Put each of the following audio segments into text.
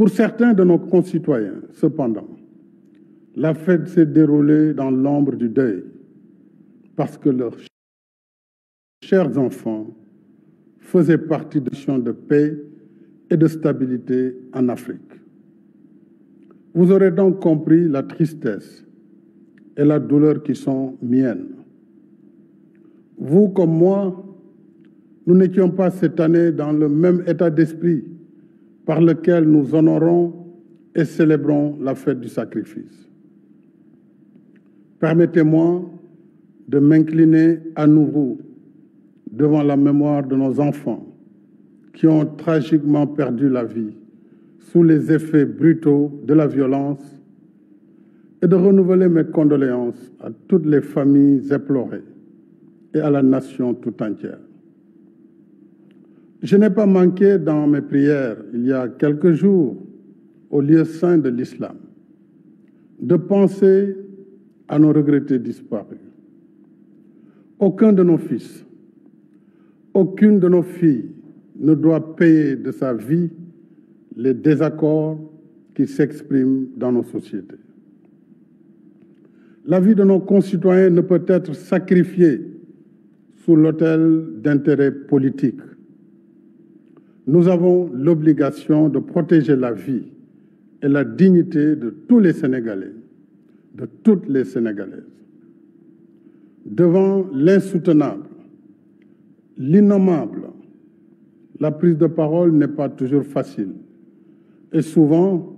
Pour certains de nos concitoyens, cependant, la fête s'est déroulée dans l'ombre du deuil parce que leurs chers enfants faisaient partie de champs de paix et de stabilité en Afrique. Vous aurez donc compris la tristesse et la douleur qui sont miennes. Vous comme moi, nous n'étions pas cette année dans le même état d'esprit par lequel nous honorons et célébrons la fête du sacrifice. Permettez-moi de m'incliner à nouveau devant la mémoire de nos enfants qui ont tragiquement perdu la vie sous les effets brutaux de la violence et de renouveler mes condoléances à toutes les familles éplorées et à la nation tout entière. Je n'ai pas manqué dans mes prières il y a quelques jours au lieu saint de l'islam de penser à nos regrettés disparus. Aucun de nos fils, aucune de nos filles ne doit payer de sa vie les désaccords qui s'expriment dans nos sociétés. La vie de nos concitoyens ne peut être sacrifiée sous l'autel d'intérêts politiques nous avons l'obligation de protéger la vie et la dignité de tous les Sénégalais, de toutes les Sénégalaises. Devant l'insoutenable, l'innommable, la prise de parole n'est pas toujours facile. Et souvent,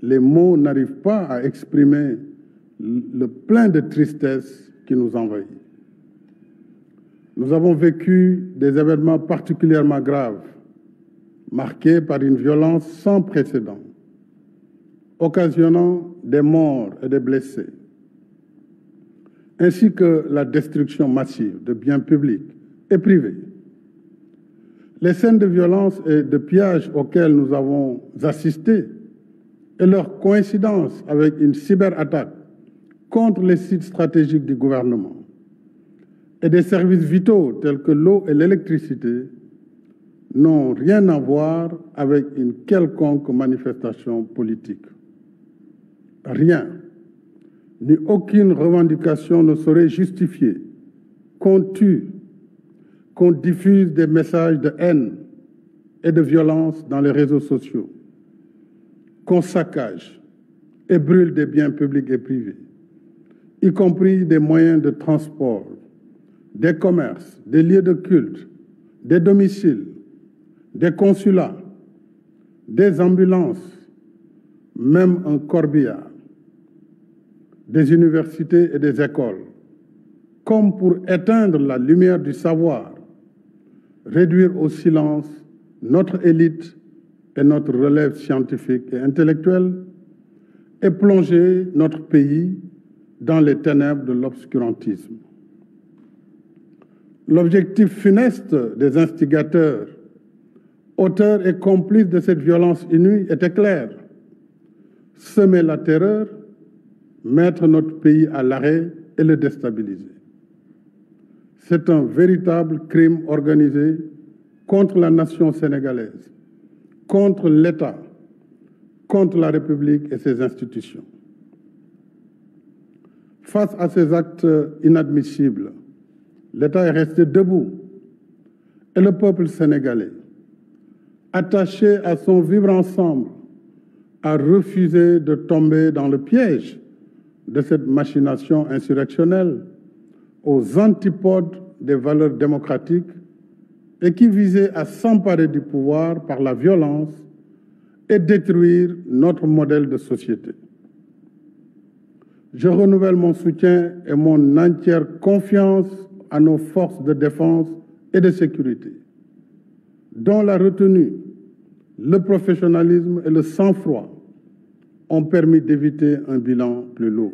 les mots n'arrivent pas à exprimer le plein de tristesse qui nous envahit. Nous avons vécu des événements particulièrement graves marquée par une violence sans précédent, occasionnant des morts et des blessés, ainsi que la destruction massive de biens publics et privés. Les scènes de violence et de pillage auxquelles nous avons assisté et leur coïncidence avec une cyberattaque contre les sites stratégiques du gouvernement et des services vitaux tels que l'eau et l'électricité n'ont rien à voir avec une quelconque manifestation politique. Rien, ni aucune revendication ne saurait justifier qu'on tue, qu'on diffuse des messages de haine et de violence dans les réseaux sociaux, qu'on saccage et brûle des biens publics et privés, y compris des moyens de transport, des commerces, des lieux de culte, des domiciles, des consulats, des ambulances, même un corbillard, des universités et des écoles, comme pour éteindre la lumière du savoir, réduire au silence notre élite et notre relève scientifique et intellectuelle, et plonger notre pays dans les ténèbres de l'obscurantisme. L'objectif funeste des instigateurs auteur et complice de cette violence inouïe, était clair. Semer la terreur, mettre notre pays à l'arrêt et le déstabiliser. C'est un véritable crime organisé contre la nation sénégalaise, contre l'État, contre la République et ses institutions. Face à ces actes inadmissibles, l'État est resté debout et le peuple sénégalais attaché à son vivre ensemble, a refusé de tomber dans le piège de cette machination insurrectionnelle aux antipodes des valeurs démocratiques et qui visait à s'emparer du pouvoir par la violence et détruire notre modèle de société. Je renouvelle mon soutien et mon entière confiance à nos forces de défense et de sécurité, dont la retenue le professionnalisme et le sang-froid ont permis d'éviter un bilan plus lourd.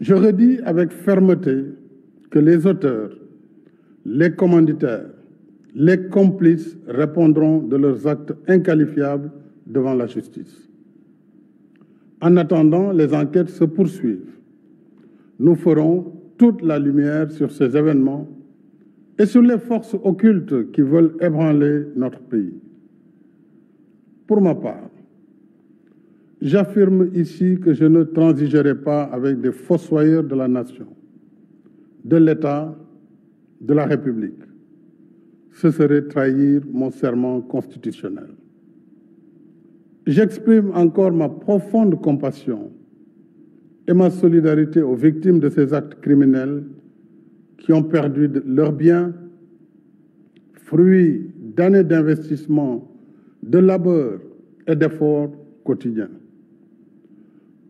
Je redis avec fermeté que les auteurs, les commanditaires, les complices répondront de leurs actes inqualifiables devant la justice. En attendant, les enquêtes se poursuivent. Nous ferons toute la lumière sur ces événements et sur les forces occultes qui veulent ébranler notre pays. Pour ma part, j'affirme ici que je ne transigerai pas avec des fossoyeurs de la nation, de l'État, de la République. Ce serait trahir mon serment constitutionnel. J'exprime encore ma profonde compassion et ma solidarité aux victimes de ces actes criminels qui ont perdu leurs biens, fruits d'années d'investissement, de labeur et d'efforts quotidiens.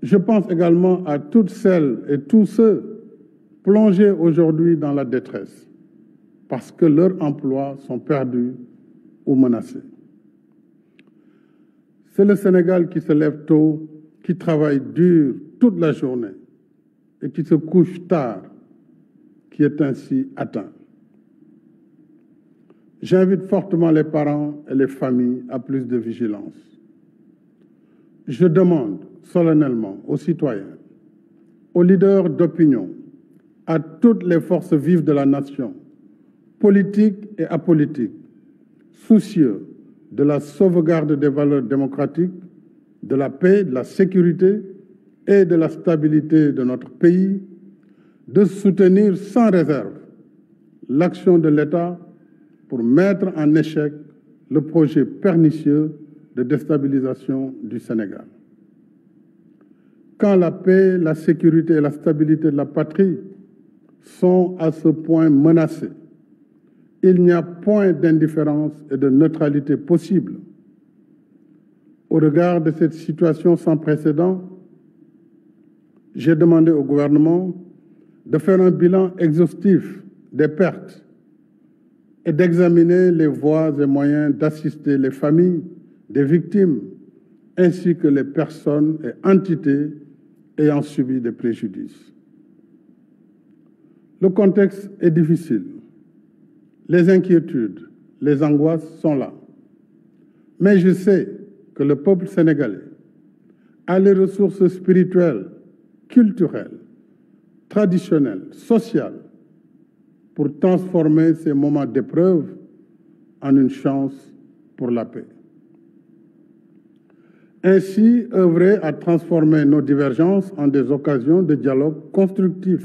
Je pense également à toutes celles et tous ceux plongés aujourd'hui dans la détresse parce que leurs emplois sont perdus ou menacés. C'est le Sénégal qui se lève tôt, qui travaille dur toute la journée et qui se couche tard qui est ainsi atteint. J'invite fortement les parents et les familles à plus de vigilance. Je demande solennellement aux citoyens, aux leaders d'opinion, à toutes les forces vives de la nation, politiques et apolitiques, soucieux de la sauvegarde des valeurs démocratiques, de la paix, de la sécurité et de la stabilité de notre pays, de soutenir sans réserve l'action de l'État pour mettre en échec le projet pernicieux de déstabilisation du Sénégal. Quand la paix, la sécurité et la stabilité de la patrie sont à ce point menacées, il n'y a point d'indifférence et de neutralité possible. Au regard de cette situation sans précédent, j'ai demandé au gouvernement de faire un bilan exhaustif des pertes et d'examiner les voies et moyens d'assister les familles des victimes ainsi que les personnes et entités ayant subi des préjudices. Le contexte est difficile. Les inquiétudes, les angoisses sont là. Mais je sais que le peuple sénégalais a les ressources spirituelles, culturelles, traditionnel, sociale, pour transformer ces moments d'épreuve en une chance pour la paix. Ainsi, œuvrer à transformer nos divergences en des occasions de dialogue constructif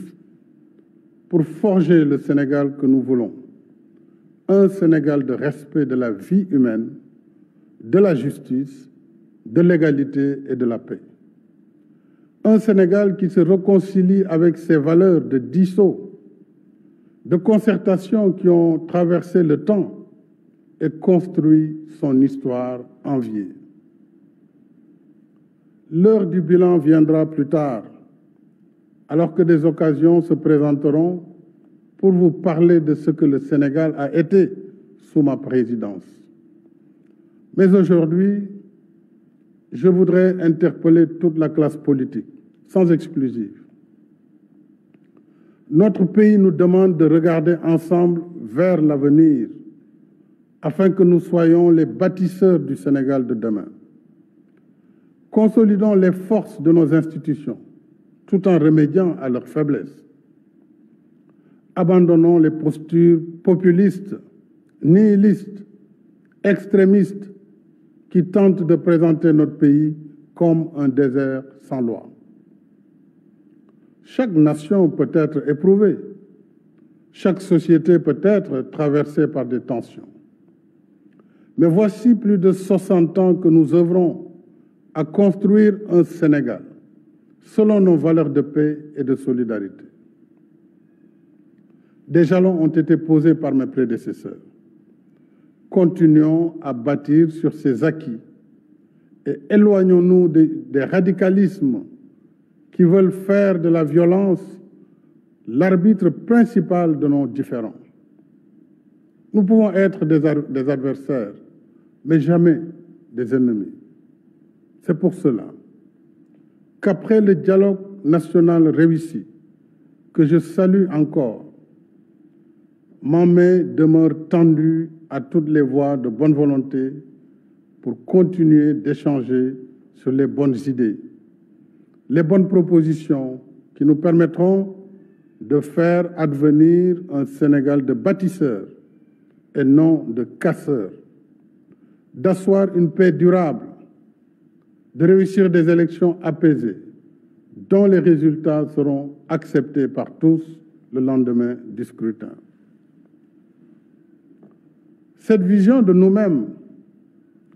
pour forger le Sénégal que nous voulons. Un Sénégal de respect de la vie humaine, de la justice, de l'égalité et de la paix. Un Sénégal qui se réconcilie avec ses valeurs de dissot, de concertation qui ont traversé le temps et construit son histoire vie. L'heure du bilan viendra plus tard, alors que des occasions se présenteront pour vous parler de ce que le Sénégal a été sous ma présidence. Mais aujourd'hui, je voudrais interpeller toute la classe politique sans exclusive. Notre pays nous demande de regarder ensemble vers l'avenir afin que nous soyons les bâtisseurs du Sénégal de demain. Consolidons les forces de nos institutions tout en remédiant à leurs faiblesses. Abandonnons les postures populistes, nihilistes, extrémistes qui tentent de présenter notre pays comme un désert sans loi. Chaque nation peut être éprouvée, chaque société peut être traversée par des tensions. Mais voici plus de 60 ans que nous œuvrons à construire un Sénégal selon nos valeurs de paix et de solidarité. Des jalons ont été posés par mes prédécesseurs. Continuons à bâtir sur ces acquis et éloignons-nous des, des radicalismes qui veulent faire de la violence l'arbitre principal de nos différends. Nous pouvons être des, adversaires, mais jamais des ennemis. C'est pour cela qu'après le dialogue national réussi, que je salue encore, ma main demeure tendue à toutes les voies de bonne volonté pour continuer d'échanger sur les bonnes idées les bonnes propositions qui nous permettront de faire advenir un Sénégal de bâtisseurs et non de casseurs, d'asseoir une paix durable, de réussir des élections apaisées dont les résultats seront acceptés par tous le lendemain du scrutin. Cette vision de nous-mêmes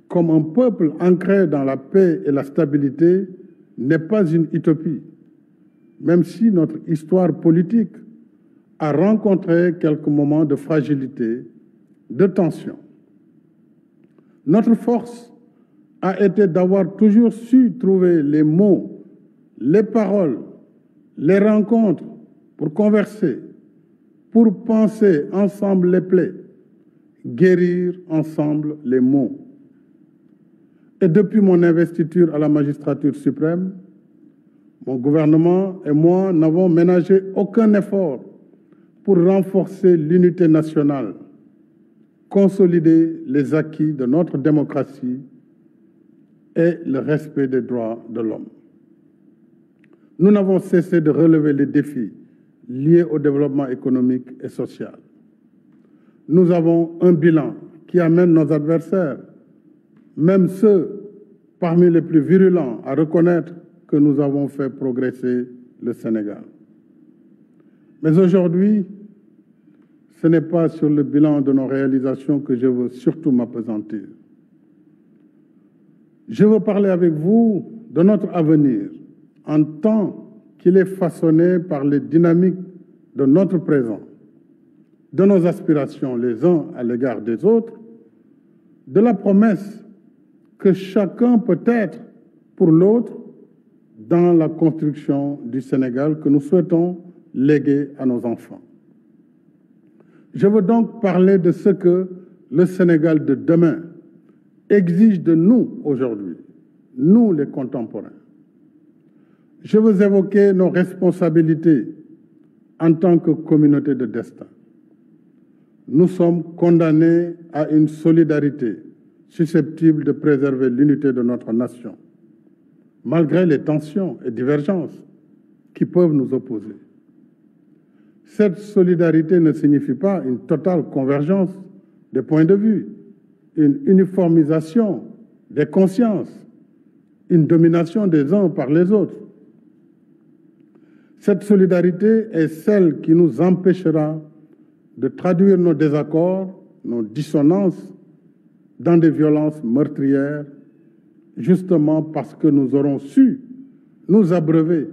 comme un peuple ancré dans la paix et la stabilité n'est pas une utopie, même si notre histoire politique a rencontré quelques moments de fragilité, de tension. Notre force a été d'avoir toujours su trouver les mots, les paroles, les rencontres pour converser, pour penser ensemble les plaies, guérir ensemble les mots. Et depuis mon investiture à la magistrature suprême, mon gouvernement et moi n'avons ménagé aucun effort pour renforcer l'unité nationale, consolider les acquis de notre démocratie et le respect des droits de l'homme. Nous n'avons cessé de relever les défis liés au développement économique et social. Nous avons un bilan qui amène nos adversaires même ceux parmi les plus virulents à reconnaître que nous avons fait progresser le Sénégal. Mais aujourd'hui, ce n'est pas sur le bilan de nos réalisations que je veux surtout m'apesantir. Je veux parler avec vous de notre avenir en tant qu'il est façonné par les dynamiques de notre présent, de nos aspirations les uns à l'égard des autres, de la promesse que chacun peut être pour l'autre dans la construction du Sénégal que nous souhaitons léguer à nos enfants. Je veux donc parler de ce que le Sénégal de demain exige de nous aujourd'hui, nous les contemporains. Je veux évoquer nos responsabilités en tant que communauté de destin. Nous sommes condamnés à une solidarité susceptibles de préserver l'unité de notre nation, malgré les tensions et divergences qui peuvent nous opposer. Cette solidarité ne signifie pas une totale convergence des points de vue, une uniformisation des consciences, une domination des uns par les autres. Cette solidarité est celle qui nous empêchera de traduire nos désaccords, nos dissonances dans des violences meurtrières, justement parce que nous aurons su nous abreuver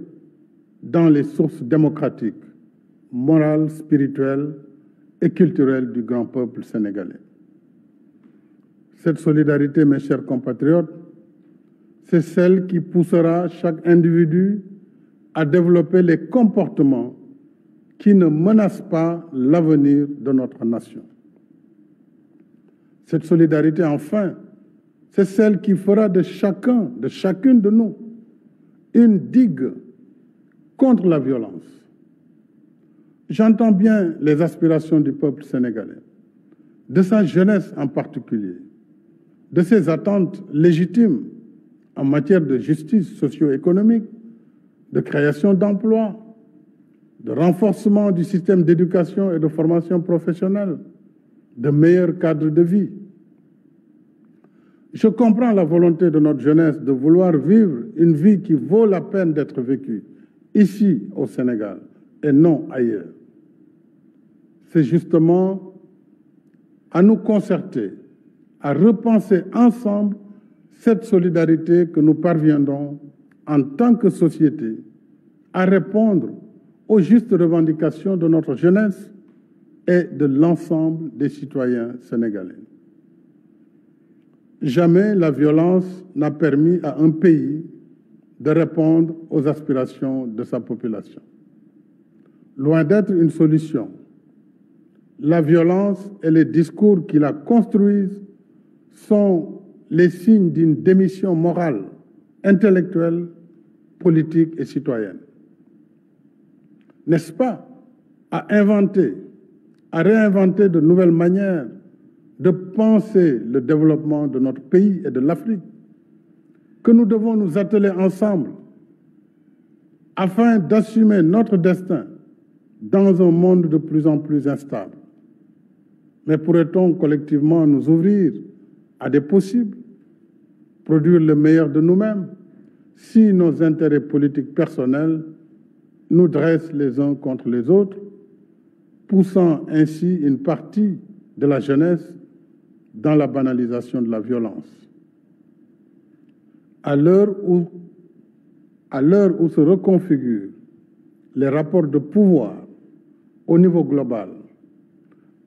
dans les sources démocratiques, morales, spirituelles et culturelles du grand peuple sénégalais. Cette solidarité, mes chers compatriotes, c'est celle qui poussera chaque individu à développer les comportements qui ne menacent pas l'avenir de notre nation. Cette solidarité, enfin, c'est celle qui fera de chacun, de chacune de nous, une digue contre la violence. J'entends bien les aspirations du peuple sénégalais, de sa jeunesse en particulier, de ses attentes légitimes en matière de justice socio-économique, de création d'emplois, de renforcement du système d'éducation et de formation professionnelle, de meilleurs cadres de vie. Je comprends la volonté de notre jeunesse de vouloir vivre une vie qui vaut la peine d'être vécue, ici au Sénégal et non ailleurs. C'est justement à nous concerter, à repenser ensemble cette solidarité que nous parviendrons en tant que société à répondre aux justes revendications de notre jeunesse et de l'ensemble des citoyens sénégalais. Jamais la violence n'a permis à un pays de répondre aux aspirations de sa population. Loin d'être une solution, la violence et les discours qui la construisent sont les signes d'une démission morale, intellectuelle, politique et citoyenne. N'est-ce pas à inventer à réinventer de nouvelles manières de penser le développement de notre pays et de l'Afrique, que nous devons nous atteler ensemble afin d'assumer notre destin dans un monde de plus en plus instable. Mais pourrait-on collectivement nous ouvrir à des possibles, produire le meilleur de nous-mêmes, si nos intérêts politiques personnels nous dressent les uns contre les autres poussant ainsi une partie de la jeunesse dans la banalisation de la violence. À l'heure où, se reconfigurent les rapports de pouvoir au niveau global,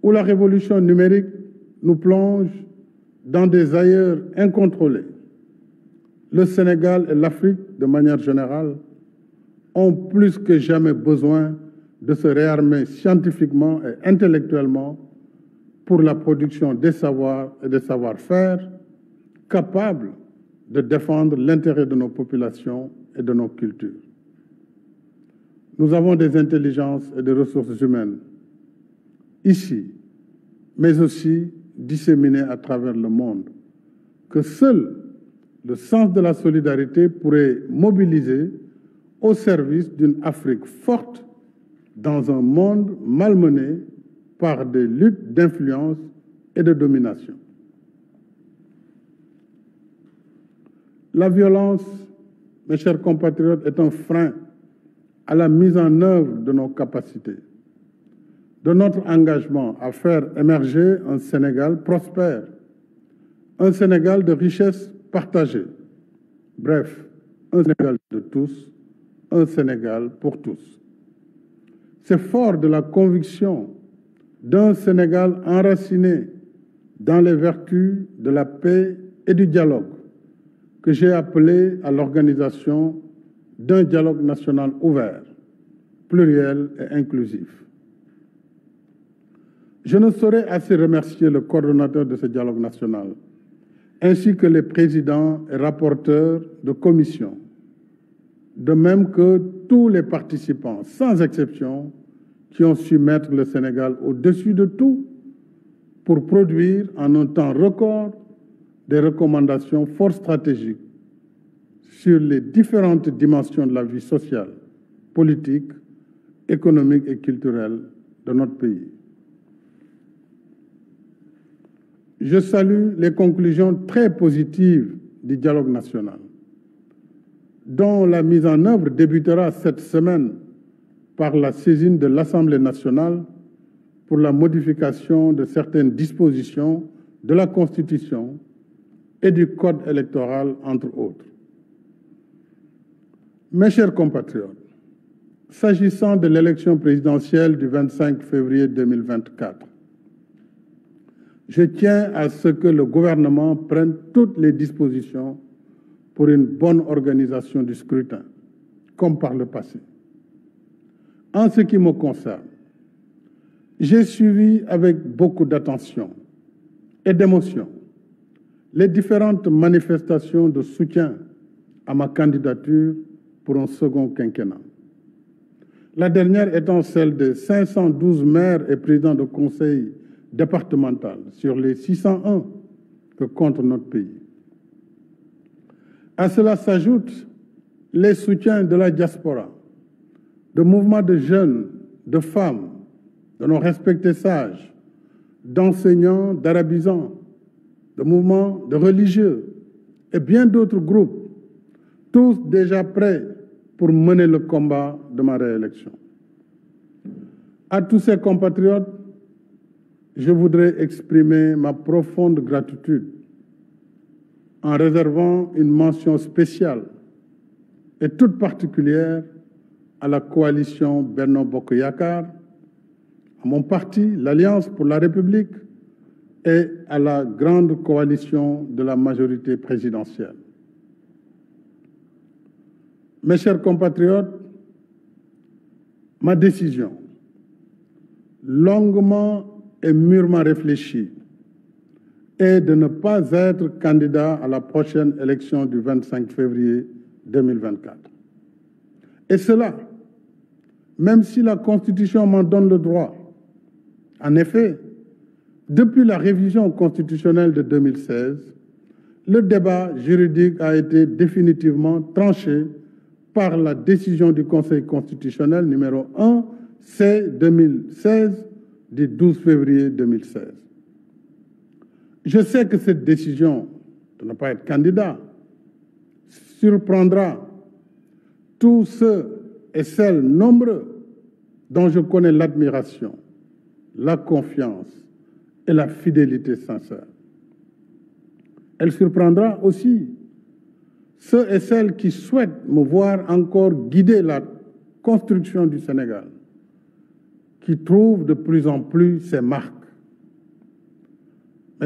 où la révolution numérique nous plonge dans des ailleurs incontrôlés, le Sénégal et l'Afrique, de manière générale, ont plus que jamais besoin de se réarmer scientifiquement et intellectuellement pour la production des savoirs et des savoir-faire capables de défendre l'intérêt de nos populations et de nos cultures. Nous avons des intelligences et des ressources humaines ici, mais aussi disséminées à travers le monde, que seul le sens de la solidarité pourrait mobiliser au service d'une Afrique forte dans un monde malmené par des luttes d'influence et de domination. La violence, mes chers compatriotes, est un frein à la mise en œuvre de nos capacités, de notre engagement à faire émerger un Sénégal prospère, un Sénégal de richesses partagées, bref, un Sénégal de tous, un Sénégal pour tous c'est fort de la conviction d'un Sénégal enraciné dans les vertus de la paix et du dialogue que j'ai appelé à l'organisation d'un dialogue national ouvert, pluriel et inclusif. Je ne saurais assez remercier le coordonnateur de ce dialogue national, ainsi que les présidents et rapporteurs de commission, de même que tous les participants, sans exception, qui ont su mettre le Sénégal au-dessus de tout pour produire en un temps record des recommandations fort stratégiques sur les différentes dimensions de la vie sociale, politique, économique et culturelle de notre pays. Je salue les conclusions très positives du dialogue national dont la mise en œuvre débutera cette semaine par la saisine de l'Assemblée nationale pour la modification de certaines dispositions de la Constitution et du Code électoral, entre autres. Mes chers compatriotes, s'agissant de l'élection présidentielle du 25 février 2024, je tiens à ce que le gouvernement prenne toutes les dispositions pour une bonne organisation du scrutin, comme par le passé. En ce qui me concerne, j'ai suivi avec beaucoup d'attention et d'émotion les différentes manifestations de soutien à ma candidature pour un second quinquennat. La dernière étant celle des 512 maires et présidents de conseils départementaux sur les 601 que compte notre pays. À cela s'ajoutent les soutiens de la diaspora, de mouvements de jeunes, de femmes, de nos respectés sages, d'enseignants, d'arabisans, de mouvements de religieux et bien d'autres groupes, tous déjà prêts pour mener le combat de ma réélection. À tous ces compatriotes, je voudrais exprimer ma profonde gratitude en réservant une mention spéciale et toute particulière à la coalition Bernard Bokoyakar, à mon parti, l'Alliance pour la République et à la grande coalition de la majorité présidentielle. Mes chers compatriotes, ma décision, longuement et mûrement réfléchie, et de ne pas être candidat à la prochaine élection du 25 février 2024. Et cela, même si la Constitution m'en donne le droit. En effet, depuis la révision constitutionnelle de 2016, le débat juridique a été définitivement tranché par la décision du Conseil constitutionnel numéro 1 C 2016 du 12 février 2016. Je sais que cette décision de ne pas être candidat surprendra tous ceux et celles nombreux dont je connais l'admiration, la confiance et la fidélité sincère. Elle surprendra aussi ceux et celles qui souhaitent me voir encore guider la construction du Sénégal, qui trouvent de plus en plus ses marques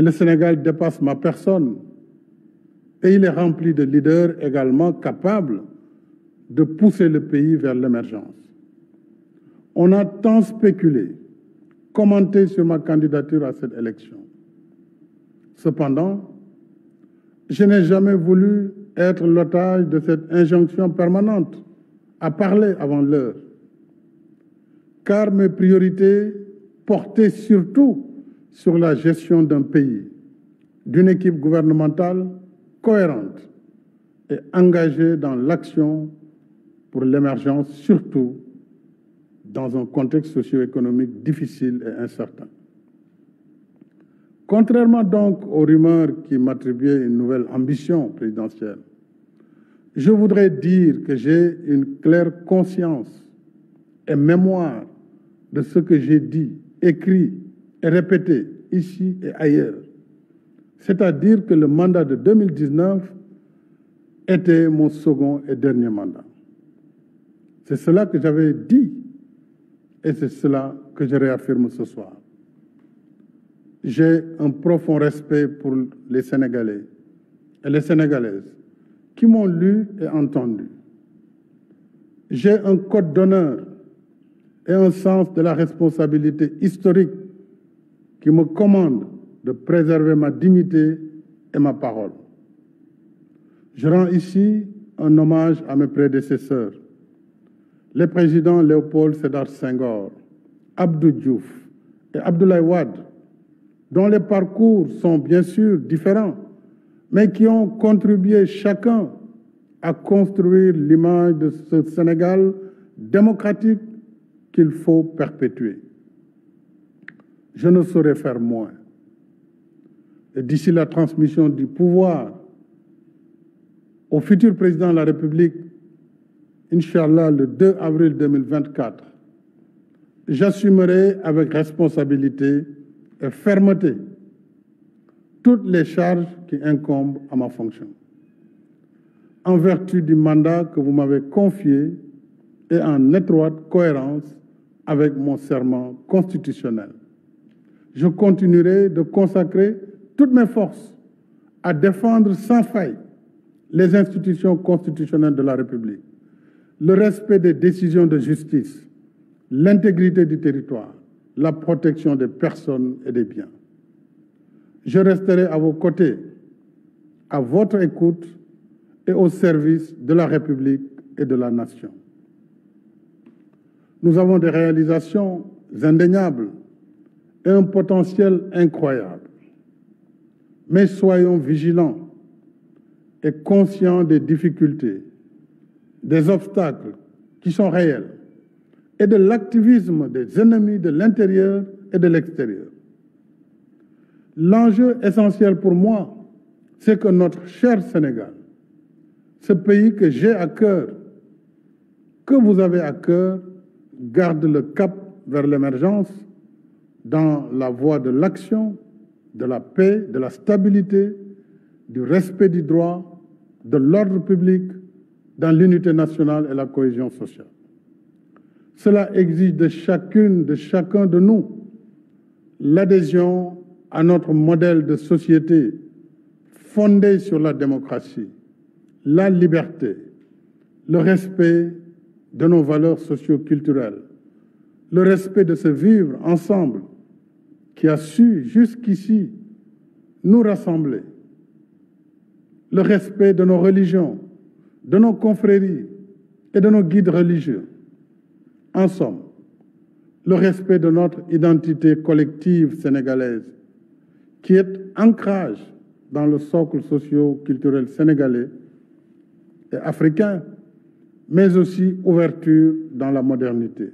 le Sénégal dépasse ma personne. Et il est rempli de leaders également capables de pousser le pays vers l'émergence. On a tant spéculé, commenté sur ma candidature à cette élection. Cependant, je n'ai jamais voulu être l'otage de cette injonction permanente à parler avant l'heure, car mes priorités portaient surtout sur la gestion d'un pays, d'une équipe gouvernementale cohérente et engagée dans l'action pour l'émergence, surtout dans un contexte socio-économique difficile et incertain. Contrairement donc aux rumeurs qui m'attribuaient une nouvelle ambition présidentielle, je voudrais dire que j'ai une claire conscience et mémoire de ce que j'ai dit, écrit répété ici et ailleurs. C'est-à-dire que le mandat de 2019 était mon second et dernier mandat. C'est cela que j'avais dit et c'est cela que je réaffirme ce soir. J'ai un profond respect pour les Sénégalais et les Sénégalaises qui m'ont lu et entendu. J'ai un code d'honneur et un sens de la responsabilité historique qui me commande de préserver ma dignité et ma parole. Je rends ici un hommage à mes prédécesseurs, les présidents Léopold Sédar Senghor, Abdou Diouf et Abdoulaye Wade, dont les parcours sont bien sûr différents, mais qui ont contribué chacun à construire l'image de ce Sénégal démocratique qu'il faut perpétuer je ne saurais faire moins. Et d'ici la transmission du pouvoir au futur président de la République, Inch'Allah, le 2 avril 2024, j'assumerai avec responsabilité et fermeté toutes les charges qui incombent à ma fonction, en vertu du mandat que vous m'avez confié et en étroite cohérence avec mon serment constitutionnel je continuerai de consacrer toutes mes forces à défendre sans faille les institutions constitutionnelles de la République, le respect des décisions de justice, l'intégrité du territoire, la protection des personnes et des biens. Je resterai à vos côtés, à votre écoute et au service de la République et de la nation. Nous avons des réalisations indéniables et un potentiel incroyable. Mais soyons vigilants et conscients des difficultés, des obstacles qui sont réels et de l'activisme des ennemis de l'intérieur et de l'extérieur. L'enjeu essentiel pour moi, c'est que notre cher Sénégal, ce pays que j'ai à cœur, que vous avez à cœur, garde le cap vers l'émergence dans la voie de l'action, de la paix, de la stabilité, du respect du droit, de l'ordre public, dans l'unité nationale et la cohésion sociale. Cela exige de chacune, de chacun de nous, l'adhésion à notre modèle de société fondé sur la démocratie, la liberté, le respect de nos valeurs socio-culturelles, le respect de se vivre ensemble qui a su jusqu'ici nous rassembler. Le respect de nos religions, de nos confréries et de nos guides religieux. En somme, le respect de notre identité collective sénégalaise, qui est ancrage dans le socle socio-culturel sénégalais et africain, mais aussi ouverture dans la modernité.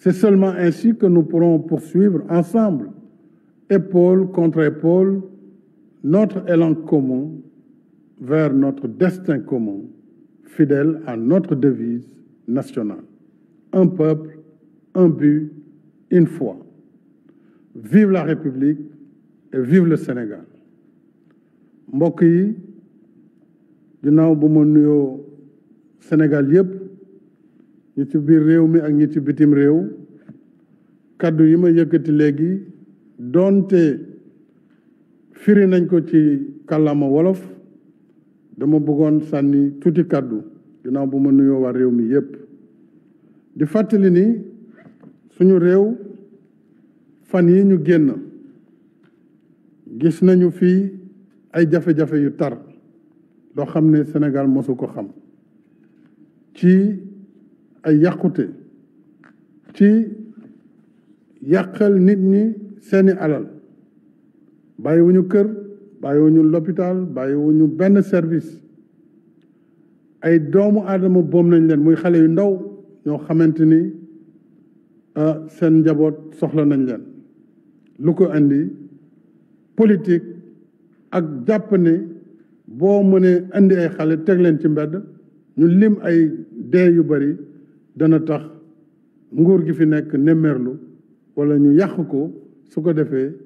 C'est seulement ainsi que nous pourrons poursuivre ensemble, épaule contre épaule, notre élan commun vers notre destin commun, fidèle à notre devise nationale. Un peuple, un but, une foi. Vive la République et vive le Sénégal. Mboki, du Sénégal ñi ci biir réew mi ak ñi ci bitim réew kàddu yi ma yëkkati léegi doonte firi nañ ko ci kàllaama wolof dama bëggoon sànni tuuti kàddu ginnaaw bu ma nuyoo waa réew mi yépp di fàttali ni suñu réew fan yi ñu génn gis nañu fii ay jafe-jafe yu tar loo xam ne senegal mosu ko xam ci ay yàqute ci yàqal nit ñi seeni alal bàyyiwuñu kër bàyyiwuñu l'hôpital bàyyiwuñu benn service ay doomu aadama boom nañ leen muy xale yu ndaw ñoo xamante ni ah, seen njaboot soxla nañ leen lu ko indi politique ak jàpp ne boo mënee indi ay xale teg leen ci mbedd ñu lim ay dee yu bari dana tax nguur gi fi nekk nemmerlu walla ñu yàq ko su ko defee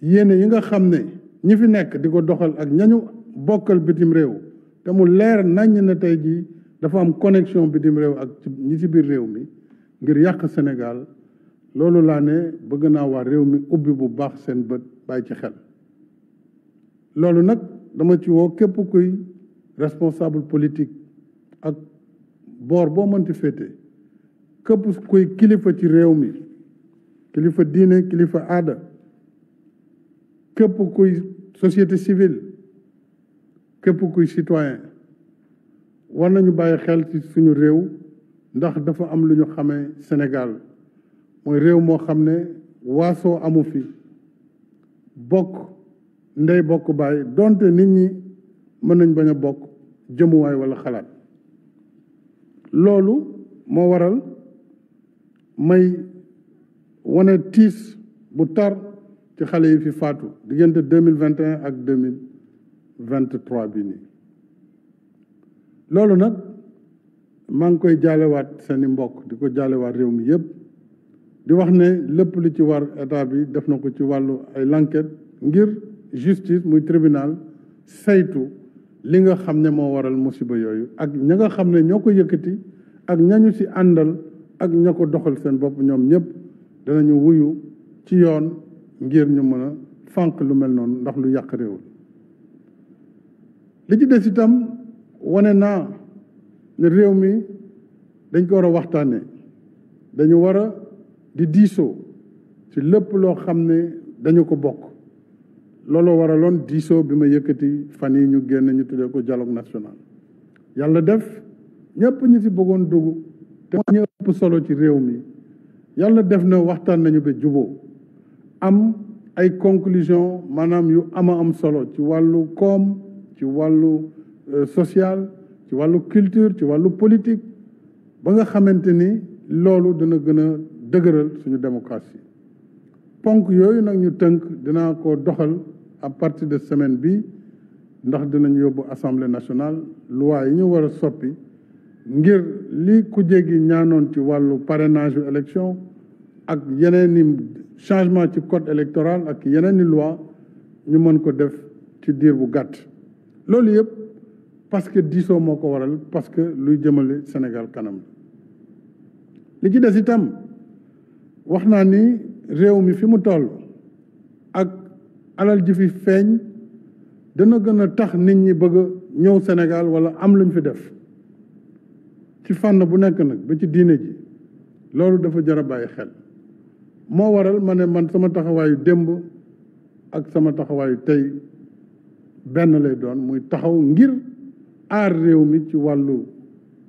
yéene yi nga xam ne ñi fi nekk di ko doxal ak ñañu bokkal bitim réew te mu leer naññ na tey jii dafa am connexion bitim réew ak ñi ci biir réew mi ngir yàq Sénégal loolu laa ne bëgg naa waa réew mi ubbi bu baax seen bët baay ci xel loolu nag dama ci woo képp kuy responsable politique ak boor boo mënti féete képp kuy kilifa ci réew mi kilifa diine kilifa aada képp kuy société civile képp kuy citoyen war nañu bàyyi xel ci suñu réew ndax dafa am lu ñu xamee Sénégal mooy réew moo xam ne waasoo amu fi bokk ndey bokk baay donte nit ñi mën nañ bañ a bokk jëmuwaay walla xalaat loolu moo waral may wane tiis bu tar ci xale yi fi faatu diggante deux mille vingt et un ak deux mille vingt trois bi nii loolu nag maa ngi koy jaalewaat seeni mbokk di ko jaalewaat réew mi yëpp di wax ne lépp li ci war état bi def na ko ci wàllu ay enquête ngir justice muy tribunal saytu li nga xam ne moo waral musiba yooyu ak ña nga xam ne ñoo ko yëkkati ak ñañu ci àndal ak ña ko doxal seen bopp ñoom ñëpp danañu wuyu ci yoon ngir ñu mën a fànq lu mel noonu ndax lu yàq réew li ci des itam wane naa ne réew mi dañ ko war a dañu war di diso ci lépp loo xam ne dañu ko bokk loolu waraloon diisoo bi ma yëkkati fan yi ñu génn ñu tuddee ko dialogue national yàlla def ñëpp ñu ci bëggoon dugg te ñu ëpp solo ci réew mi yàlla def na waxtaan nañu ba juboo am ay conclusion maanaam yu ama am solo ci wàllu koom ci wàllu euh, social ci wàllu culture ci wàllu politique ba nga xamante ni loolu dina gën a dëgëral suñu démocratie ponk yooyu nag ñu tënk dinaa ko doxal à partir de semaine bi ndax dinañ yóbbu assemblée nationale loi yi ñu war a soppi ngir li ku jéggi ñaanoon ci wàllu parrainage yu élection ak yeneen i changement ci code électoral ak yeneen i loi ñu mën ko def ci diir bu gàtt loolu yëpp parce que diisoo moo ko waral parce que luy jëmale Sénégal kanam li ci des itam wax naa ni réew mi fi mu toll ak alal ji fi feeñ dana gën a tax nit ñi bëgg ñëw Sénégal wala am luñ fi def ci fànn bu nekk nag ba ci diine ji loolu dafa jar a bàyyi xel moo waral ma ne man sama taxawaayu démb ak sama taxawaayu tey benn lay doon muy taxaw ngir aar réew mi ci wàllu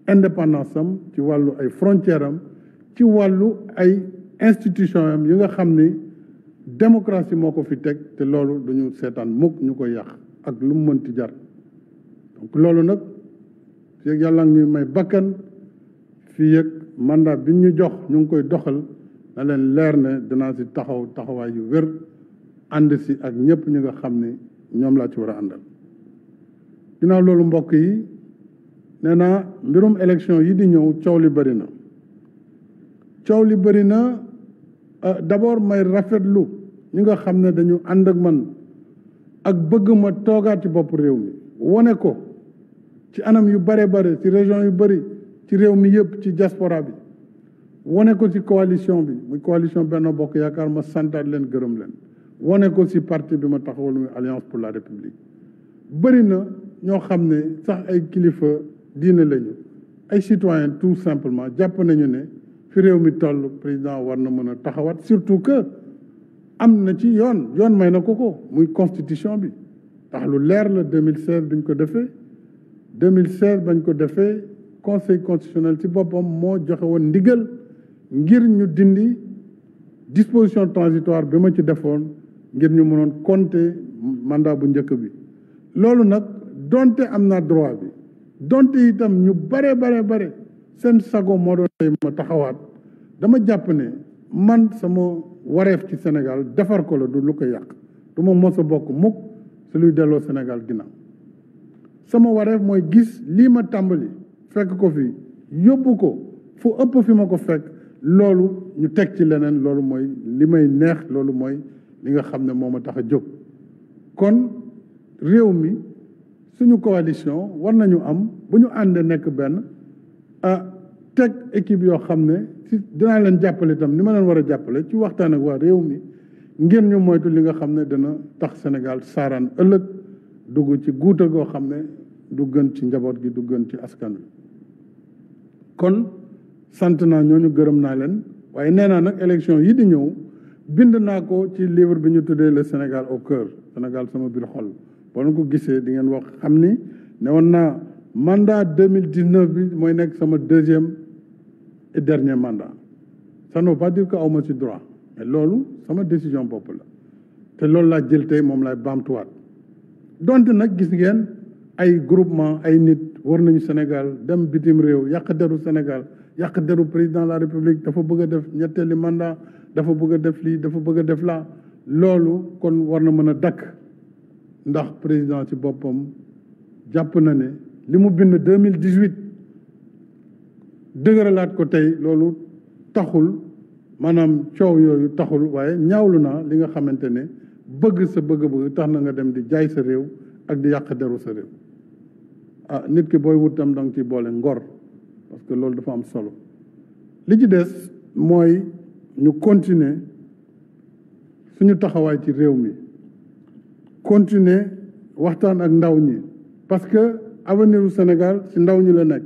indépendance am ci wàllu ay frontière am ci wàllu ay institution am yi nga xam ni démocratie moo ko fi teg te loolu duñu seetaan mukk ñu koy yàq ak lu mu mënti jar donc loolu nag fii yàlla ñuy may bakkan fii ak mandat bi ñu jox ñu ngi koy doxal na leen leer ne dinaa si taxaw taxawaay yu wér ànd si ak ñëpp ñi nga xam ni ñoom laa ci war a àndal. ginnaaw loolu mbokk yi nee na mbirum élection yi di ñëw coow li bëri na coow li bari na euh, d'abord may rafetlu ñi nga xam ne dañu ànd ak man ak bëgg ma toogaati bopp réew mi wane ko. ci anam yu bare bare ci région yu bari ci réew mi ci diaspora bi wone ko ci coalition bi muy coalition Benno Bokk Yaakaar ma santaat leen gërëm leen ko ci parti bi ma taxawal muy alliance pour la république bëri na ñoo xam ne sax ay kilifa diine lañu ay citoyen tout simplement jàpp nañu ne fi réew mi toll président war na mën a taxawaat surtout que am na ci yoon yoon may na ko ko muy constitution bi ndax lu leer la 2016 duñ ko defee 2016 bañ ko defee conseil constitutionnel ci boppam moo joxe woon ndigal ngir ñu dindi disposition transitoire bi ma ci defoon ngir ñu mënoon compter mandat bu njëkk bi loolu nag donte am naa droit bi donte itam ñu bare bare bare seen sago moo doon tey ma taxawaat dama jàpp ne man sama wareef ci Sénégal defar ko la du lu ko yàq du ma mos a bokk mukk su luy delloo Sénégal ginnaaw sama waree mooy gis lii ma tàmbali fekk ko fi yóbbu ko fu ëpp fi ma ko fekk loolu ñu teg ci leneen loolu mooy li may neex loolu mooy li nga xam ne moom ma tax a jóg kon réew mi suñu coalition war nañu am bu ñu ànd nekk benn ah teg équipe yoo xam ne si dinaa leen jàppale itam ni ma leen war a jàppale ci waxtaan ak waa réew mi ngir ñu moytu li nga xam ne dana tax Sénégal saaraan ëllëg dugg ci guuta goo xam ne du gën ci njaboot gi du gën ci askan wi kon sant naa ñooñu gërëm naa leen waaye nee naa nag élection yi di ñëw bind naa ko ci livre bi ñu tuddee le Sénégal au cœur Sénégal sama biir xol boo leen ko gisee di ngeen wax xam ni ne woon naa mandat 2019 bi mooy nekk sama deuxième et dernier mandat ça ne veut ma ci droit mais loolu sama décision bopp la te loolu laa jël tey moom laay baamtuwaat donte nag gis ngeen ay groupement ay nit war nañu Sénégal dem bitim réew yàq deru Sénégal yàq deru président la république dafa bëgg a def man mandat dafa bëgg a def lii dafa bëgg a def la loolu kon war na mën a dakk ndax président ci boppam jàpp na ne li mu bind 2018 dëgëralaat ko tey loolu taxul maanaam coow yooyu taxul waaye ñaawlu naa li nga xamante ne bëgg sa bëgg-bëgg tax na nga dem di jaay sa réew ak di yàq deru sa réew ah nit ki booy wut tam danga ci boole ngor parce que loolu dafa am solo li ci des mooy ñu continuer suñu taxawaay ci réew mi continuer waxtaan ak ndaw ñi parce que avenir Sénégal ci ndaw ñi la nekk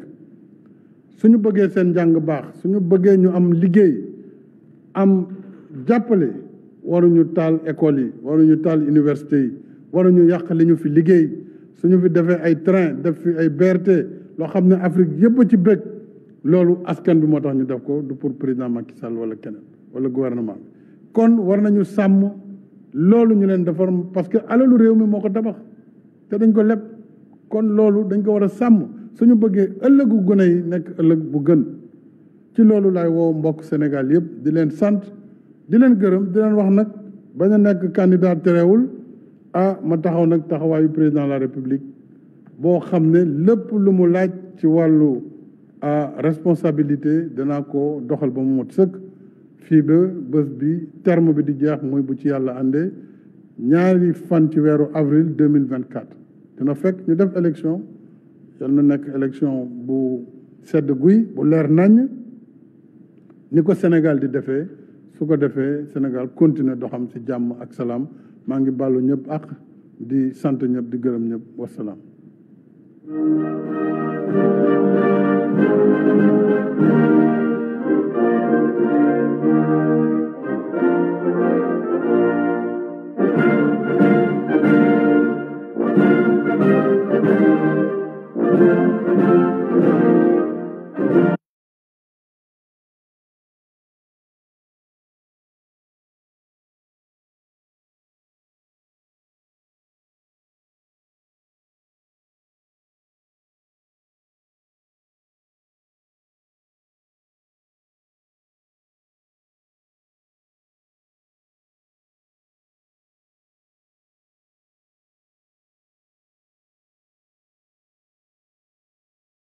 suñu bëggee seen njàng baax suñu bëggee ñu am liggéey am jàppale waruñu taal école yi waruñu taal université yi ñu yàq li ñu fi liggéey su ñu fi defee ay train def fi ay BRT loo xam ne Afrique yëpp a ci bëgg loolu askan bi moo tax ñu def ko du pour président Macky Sall wala keneen wala gouvernement bi kon war nañu sàmm loolu ñu leen defar parce que alalu réew mi moo ko tabax te dañ ko leb kon loolu dañ ko war a sàmm suñu bëggee ëllëgu gone yi nekk ëllëg bu gën ci loolu laay woo mbokk Sénégal yëpp di leen sant di leen gërëm di leen wax nag ba a nekk candidat terewul ah ma taxaw président de la république pour xamné le lu mu laaj ci ah, responsabilité ko doxal ba bi terme bi avril 2024 dina ñu def élection yal de élection bu bu ni Sénégal di su ko Sénégal continue doxam ci ak maa ngi bàllu ak di sant ñëpp di gërëm ñëpp wasalaam thank you